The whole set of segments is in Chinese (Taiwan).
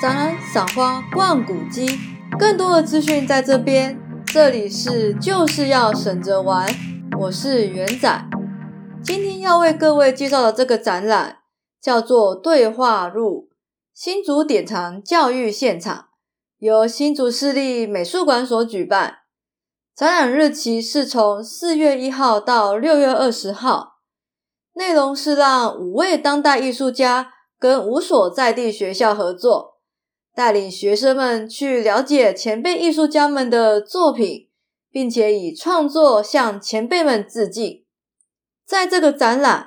展覽賞花逛古蹟，更多的資訊在這邊。這裡是就是要省着玩，我是元仔。今天要為各位介紹的這個展覽叫做《對畫錄新竹典藏教育現場》，由新竹市立美術館所舉辦。展覽日期是從四月一號到六月二十號。內容是讓五位當代藝術家跟五所在地學校合作。帶領學生們去了解前輩藝術家們的作品，並且以創作向前輩們致敬。在這個展覽，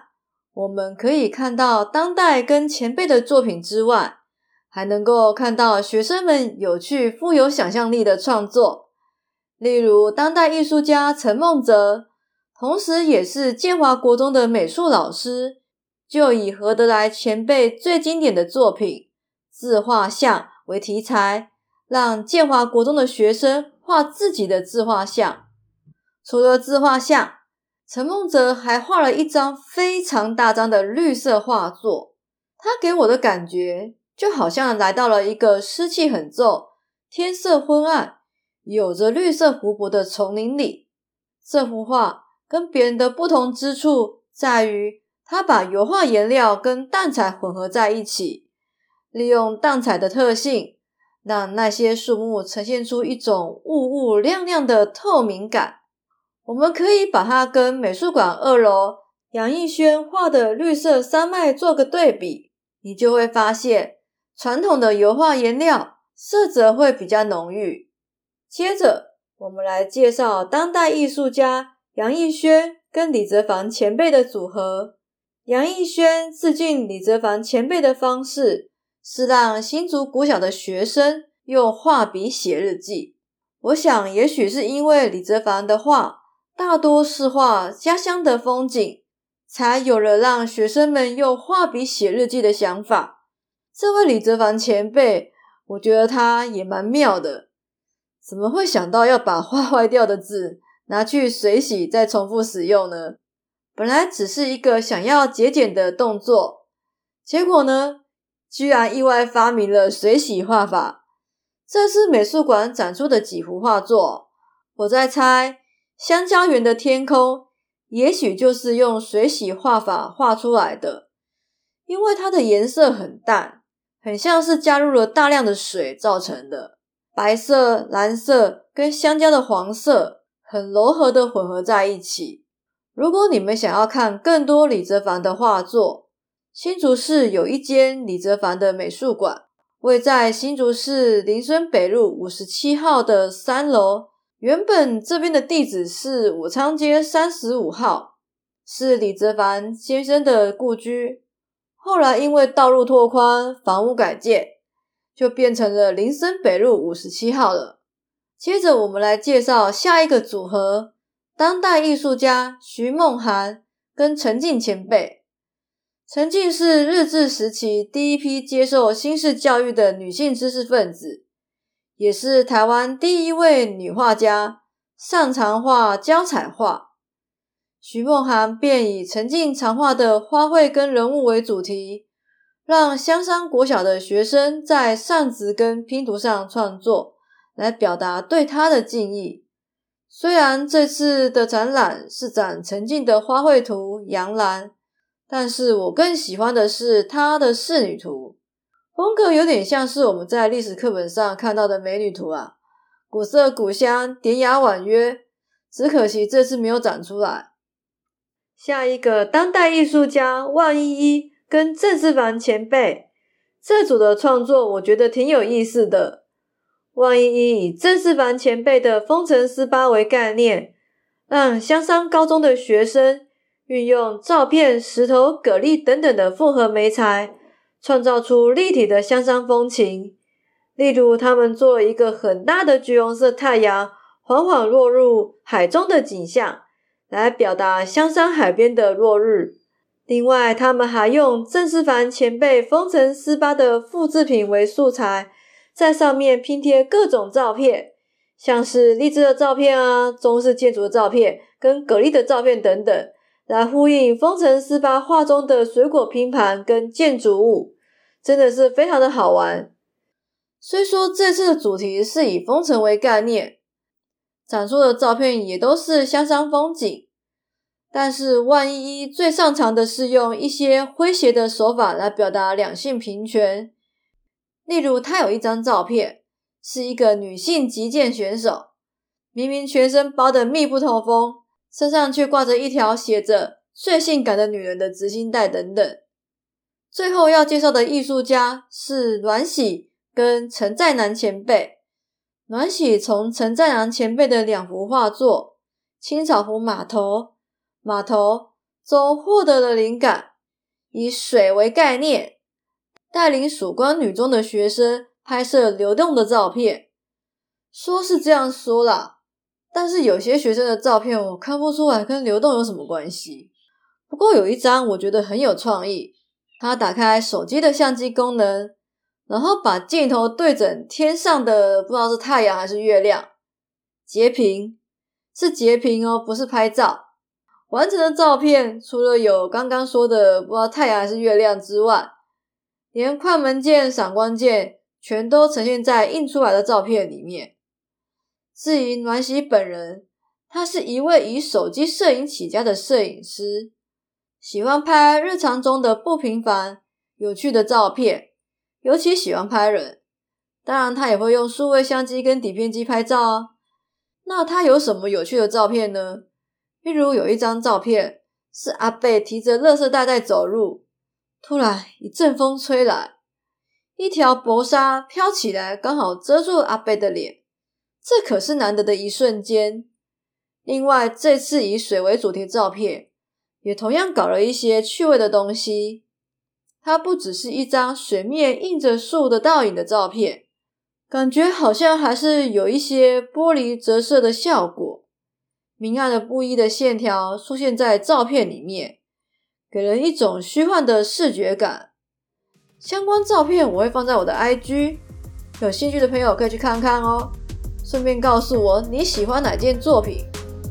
我們可以看到當代跟前輩的作品之外，還能夠看到學生們有趣、富有想象力的創作。例如，當代藝術家陳夢澤，同時也是建華國中的美術老師，就以何德來前輩最經典的作品《自畫像》。為題材，讓建華國中的學生畫自己的自畫像。除了自畫像，陳夢澤還畫了一張非常大張的綠色畫作。他給我的感覺就好像來到了一個濕氣很重、天色昏暗、有着綠色湖泊的叢林裡。這幅畫跟別人的不同之處在於，他把油畫顏料跟蛋彩混合在一起。利用淡彩的特性，讓那些樹木呈現出一種霧霧亮亮的透明感。我們可以把它跟美術館二樓楊藝軒畫的綠色山脈做個對比，你就會發現傳統的油畫顏料色澤會比較濃郁。接着，我們來介紹當代藝術家楊藝軒跟李澤藩前輩的組合。楊藝軒致敬李澤藩前輩的方式，是讓新竹國小的學生用畫筆寫日記。我想，也許是因為李澤藩的畫大多是畫家鄉的風景，才有了讓學生們用畫筆寫日記的想法。這位李澤藩前輩，我覺得他也蠻妙的。怎麼會想到要把畫壞掉的紙拿去水洗，再重複使用呢？本來只是一個想要節儉的動作，結果呢？居然意外發明了水洗畫法。這是美術館展出的幾幅畫作，我在猜香蕉園的天空，也許就是用水洗畫法畫出來的，因為它的顏色很淡，很像是加入了大量的水造成的。白色、藍色跟香蕉的黃色很柔和的混合在一起。如果你們想要看更多李澤凡的畫作，新竹市有一間李澤藩的美術館，位在新竹市林森北路五十七號的三樓。原本這邊的地址是武昌街三十五號，是李澤藩先生的故居。後來因為道路拓寬、房屋改建，就變成了林森北路五十七號了。接着，我們來介紹下一個組合：當代藝術家徐夢涵跟陳進前輩。陳進是日治時期第一批接受新式教育的女性知識分子，也是台灣第一位女畫家，擅長畫膠彩畫。徐夢涵便以陳進常畫的花卉跟人物為主題，讓香山國小的學生在扇子跟拼圖上創作，來表達對她的敬意。雖然這次的展覽是展陳進的花卉圖、洋蘭。但是我更喜歡的是他的仕女圖，風格有點像是我們在歷史課本上看到的美女圖啊，古色古香，典雅婉約。只可惜這次沒有展出來。下一個當代藝術家萬一一跟鄭世凡前輩，這組的創作我覺得挺有意思的。萬一一以鄭世凡前輩的《風塵四八》為概念，讓香山高中的學生。運用照片、石頭、蛤蜊等等的複合媒材，創造出立體的香山風情。例如，他們做了一個很大的橘紅色太陽緩緩落入海中的景象，來表達香山海邊的落日。另外，他們還用鄭世璠前輩封塵絲巴的複製品為素材，在上面拼貼各種照片，像是荔枝的照片啊、中式建築的照片、跟蛤蜊的照片等等，來呼應《風城十八畫》中的水果拼盤跟建築物，真的是非常的好玩。雖說這次的主題是以風城為概念，展出的照片也都是香山風景，但是萬一最擅長的是用一些詼諧的手法來表達兩性平權，例如他有一張照片是一個女性擊劍選手，明明全身包得密不透風。身上卻掛着一條寫着“最性感的女人”的紙巾袋等等。最後要介紹的藝術家是阮喜跟陳在南前輩。阮喜從陳在南前輩的兩幅畫作《青草湖碼頭》碼頭中獲得了靈感，以水為概念，帶領曙光女中的學生拍攝流動的照片。說是這樣說啦但是有些學生的照片我看不出來跟流動有什麼關係。不過有一張我覺得很有創意，他打開手機的相機功能，然後把鏡頭對準天上的不知道是太陽還是月亮。截屏，是截屏哦，不是拍照。完成的照片除了有剛剛說的不知道太陽還是月亮之外，連快門鍵、閃光鍵全都呈現在印出來的照片裡面。至於暖喜本人，他是一位以手機攝影起家的攝影師，喜歡拍日常中的不平凡、有趣的照片，尤其喜歡拍人。當然，他也會用數位相機跟底片機拍照哦、啊，那他有什麼有趣的照片呢？例如有一張照片是阿伯提着垃圾袋袋走路，突然一陣風吹來，一條薄紗飄起來，剛好遮住阿伯的臉。這可是難得的一瞬間。另外，這次以水為主題的照片，也同樣搞了一些趣味的東西。它不只是一張水面映着樹的倒影的照片，感覺好像還是有一些玻璃折射的效果，明暗的不一的線條出現在照片裡面，給人一種虛幻的視覺感。相關照片我會放在我的 IG，有興趣的朋友可以去看看哦。順便告訴我你喜歡哪件作品，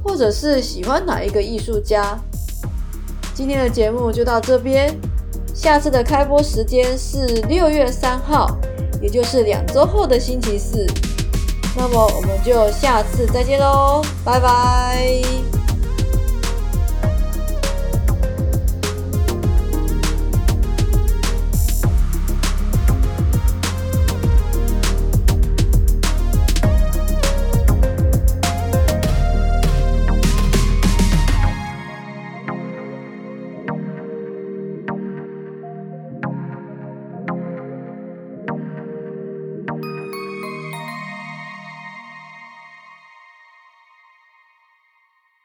或者是喜歡哪一個藝術家。今天的節目就到這邊，下次的開播時間是六月三號，也就是兩周後的星期四。那麼我們就下次再見嘍，拜拜。